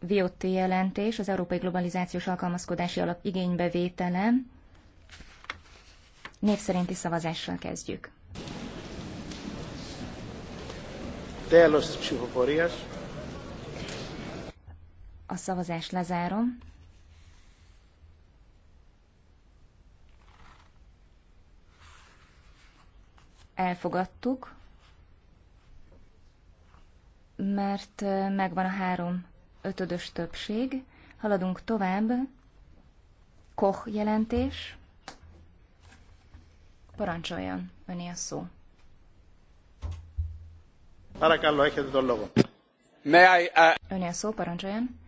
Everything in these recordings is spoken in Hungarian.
VOT jelentés, az Európai Globalizációs Alkalmazkodási Alap igénybevétele. Név szerinti szavazással kezdjük. Telos Csihoporias. A szavazás lezárom. Elfogadtuk, mert megvan a három ötödös többség. Haladunk tovább. Koch jelentés. Parancsoljon, öné a szó. egyet uh, Öné a szó, parancsoljon.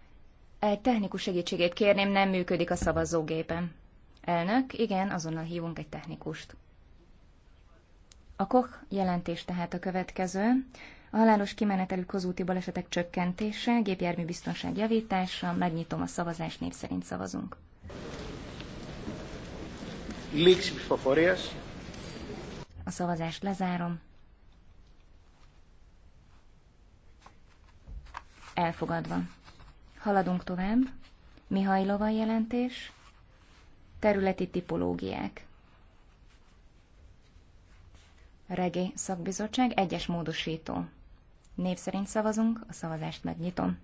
Egy technikus segítségét kérném, nem működik a szavazógépen. Elnök, igen, azonnal hívunk egy technikust. A Koch jelentés tehát a következő. A halálos kimenetelű kozúti balesetek csökkentése, gépjármű biztonság javítása, megnyitom a szavazást, név szerint szavazunk. A szavazást lezárom. Elfogadva. Haladunk tovább. Mihajlova jelentés. Területi tipológiák. Regi szakbizottság, egyes módosító. Név szerint szavazunk, a szavazást megnyitom.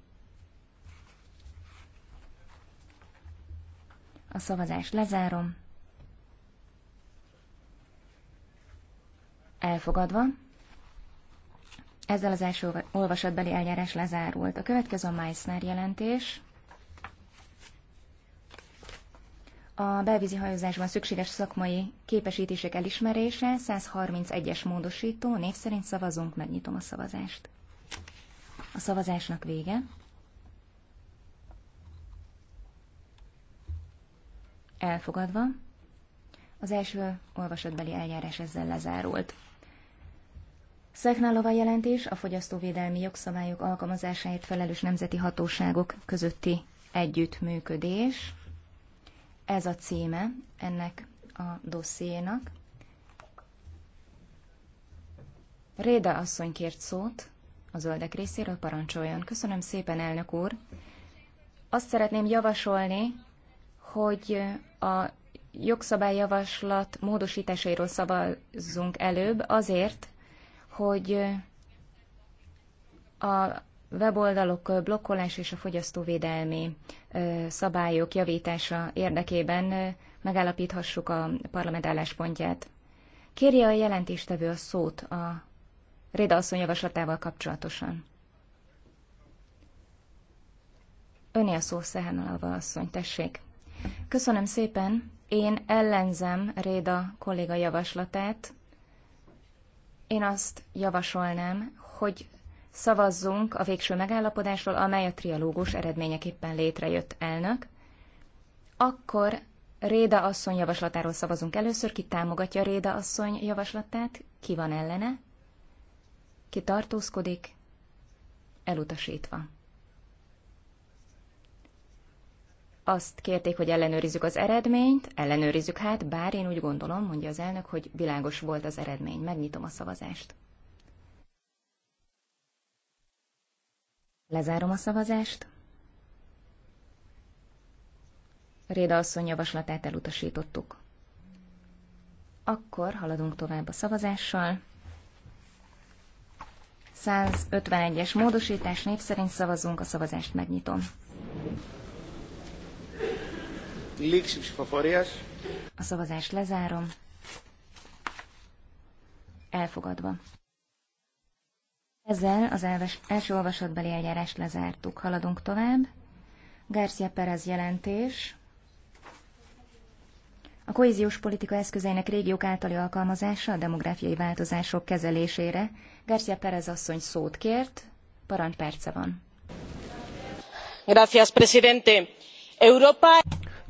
A szavazást lezárom. Elfogadva. Ezzel az első olvasatbeli eljárás lezárult. A következő a Meissner jelentés. a belvízi hajózásban szükséges szakmai képesítések elismerése, 131-es módosító, név szerint szavazunk, megnyitom a szavazást. A szavazásnak vége. Elfogadva. Az első olvasatbeli eljárás ezzel lezárult. Szeknálova jelentés a fogyasztóvédelmi jogszabályok alkalmazásáért felelős nemzeti hatóságok közötti együttműködés. Ez a címe ennek a dossziénak. Réda asszony kért szót a zöldek részéről, parancsoljon. Köszönöm szépen, elnök úr. Azt szeretném javasolni, hogy a jogszabályjavaslat módosításairól szavazzunk előbb azért, hogy a weboldalok blokkolás és a fogyasztóvédelmi szabályok javítása érdekében megállapíthassuk a parlament álláspontját. Kérje a jelentéstevő a szót a Réda asszony javaslatával kapcsolatosan. Öné a szó Szehenalva asszony, tessék. Köszönöm szépen, én ellenzem Réda kolléga javaslatát. Én azt javasolnám, hogy szavazzunk a végső megállapodásról, amely a trialógus eredményeképpen létrejött elnök, akkor Réda asszony javaslatáról szavazunk először, ki támogatja Réda asszony javaslatát, ki van ellene, ki tartózkodik, elutasítva. Azt kérték, hogy ellenőrizzük az eredményt, ellenőrizzük hát, bár én úgy gondolom, mondja az elnök, hogy világos volt az eredmény. Megnyitom a szavazást. Lezárom a szavazást. Réda asszony javaslatát elutasítottuk. Akkor haladunk tovább a szavazással. 151-es módosítás név szerint szavazunk, a szavazást megnyitom. A szavazást lezárom. Elfogadva. Ezzel az első olvasatbeli eljárást lezártuk. Haladunk tovább. Garcia Perez jelentés. A kohéziós politika eszközeinek régiók általi alkalmazása a demográfiai változások kezelésére. Garcia Perez asszony szót kért, parancs perce van. Gracias, presidente. Europa...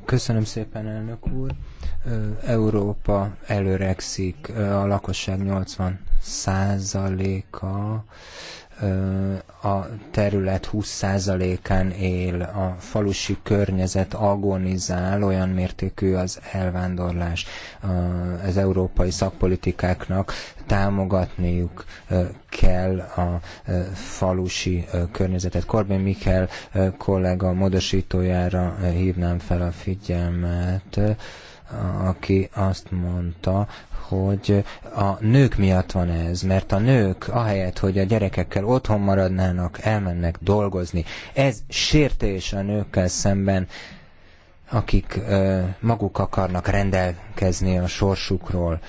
Köszönöm szépen, elnök úr. Európa előregszik, a lakosság százaléka a terület 20%-án él, a falusi környezet agonizál, olyan mértékű az elvándorlás. Az európai szakpolitikáknak támogatniuk kell a falusi környezetet. Corbyn Mikkel kollega módosítójára hívnám fel a figyelmet aki azt mondta, hogy a nők miatt van ez, mert a nők ahelyett, hogy a gyerekekkel otthon maradnának, elmennek dolgozni. Ez sértés a nőkkel szemben, akik ö, maguk akarnak rendelkezni a sorsukról.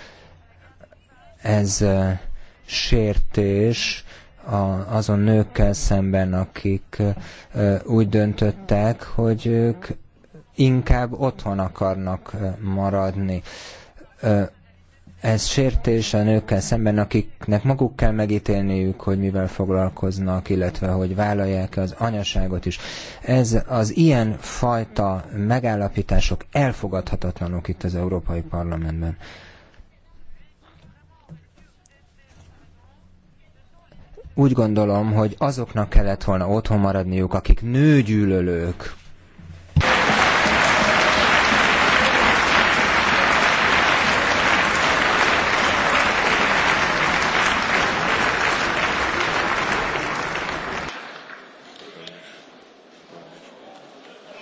Ez ö, sértés a, azon nőkkel szemben, akik ö, úgy döntöttek, hogy ők inkább otthon akarnak maradni. Ez sértés a nőkkel szemben, akiknek maguk kell megítélniük, hogy mivel foglalkoznak, illetve hogy vállalják-e az anyaságot is. Ez az ilyen fajta megállapítások elfogadhatatlanok itt az Európai Parlamentben. Úgy gondolom, hogy azoknak kellett volna otthon maradniuk, akik nőgyűlölők,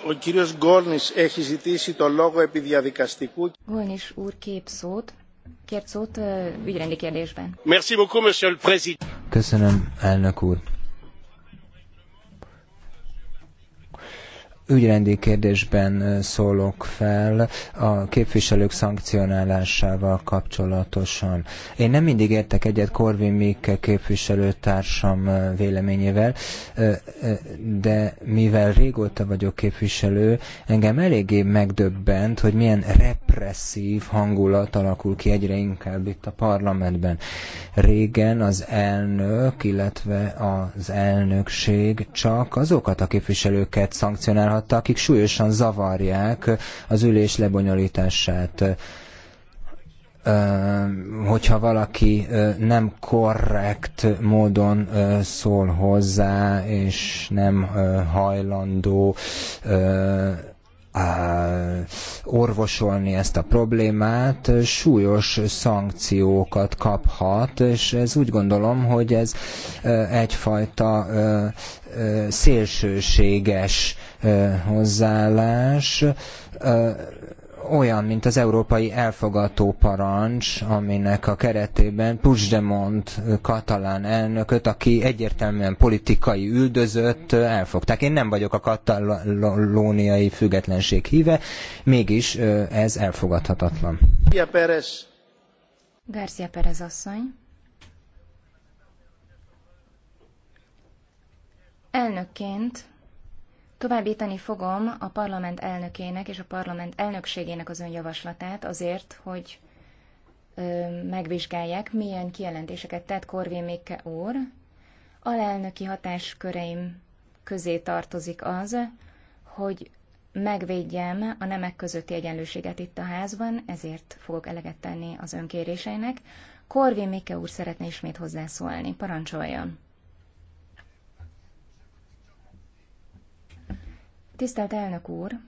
Ο κύριος Γκόλνης έχει ζητήσει το λόγο επί úr kép szót, kért szót ügyrendi kérdésben. Merci beaucoup, monsieur le président. Köszönöm, elnök úr. ügyrendi kérdésben szólok fel a képviselők szankcionálásával kapcsolatosan. Én nem mindig értek egyet Korvin Mikke képviselőtársam véleményével, de mivel régóta vagyok képviselő, engem eléggé megdöbbent, hogy milyen represszív hangulat alakul ki egyre inkább itt a parlamentben. Régen az elnök, illetve az elnökség csak azokat a képviselőket szankcionálhat, miatt, akik súlyosan zavarják az ülés lebonyolítását hogyha valaki nem korrekt módon szól hozzá, és nem hajlandó orvosolni ezt a problémát, súlyos szankciókat kaphat, és ez úgy gondolom, hogy ez egyfajta szélsőséges hozzáállás olyan, mint az európai elfogató parancs, aminek a keretében Puigdemont katalán elnököt, aki egyértelműen politikai üldözött, elfogták. Én nem vagyok a katalóniai függetlenség híve, mégis ez elfogadhatatlan. García Pérez. García Pérez asszony. Elnökként Továbbítani fogom a parlament elnökének és a parlament elnökségének az önjavaslatát azért, hogy ö, megvizsgálják, milyen kijelentéseket tett Korvin Mikke úr. Alelnöki hatásköreim közé tartozik az, hogy megvédjem a nemek közötti egyenlőséget itt a házban, ezért fogok eleget tenni az önkéréseinek. Korvin Mikke úr szeretne ismét hozzászólni. Parancsoljon! Tisztelt elnök úr!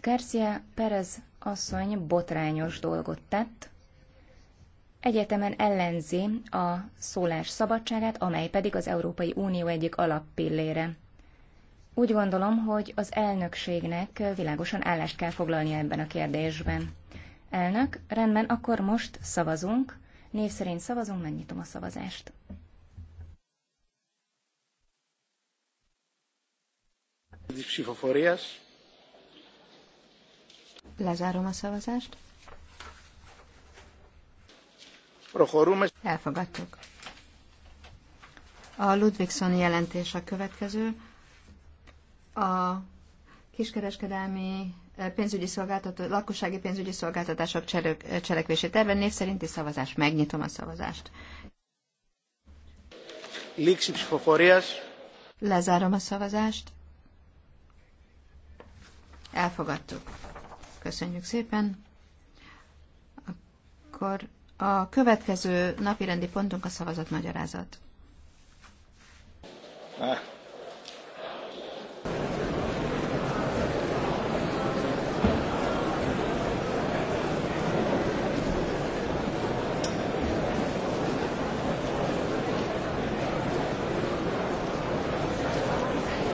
Garcia Perez asszony botrányos dolgot tett. Egyetemen ellenzi a szólás szabadságát, amely pedig az Európai Unió egyik alappillére. Úgy gondolom, hogy az elnökségnek világosan állást kell foglalnia ebben a kérdésben. Elnök, rendben, akkor most szavazunk. Név szerint szavazunk, megnyitom a szavazást. Lezárom a szavazást. Elfogadtuk. A Ludvigson jelentés a következő. A kiskereskedelmi eh, pénzügyi szolgáltató, lakossági pénzügyi szolgáltatások cselök, eh, cselekvési terve név szerinti szavazás. Megnyitom a szavazást. Lezárom a szavazást. Elfogadtuk. Köszönjük szépen. Akkor a következő napirendi pontunk a szavazatmagyarázat. Ah.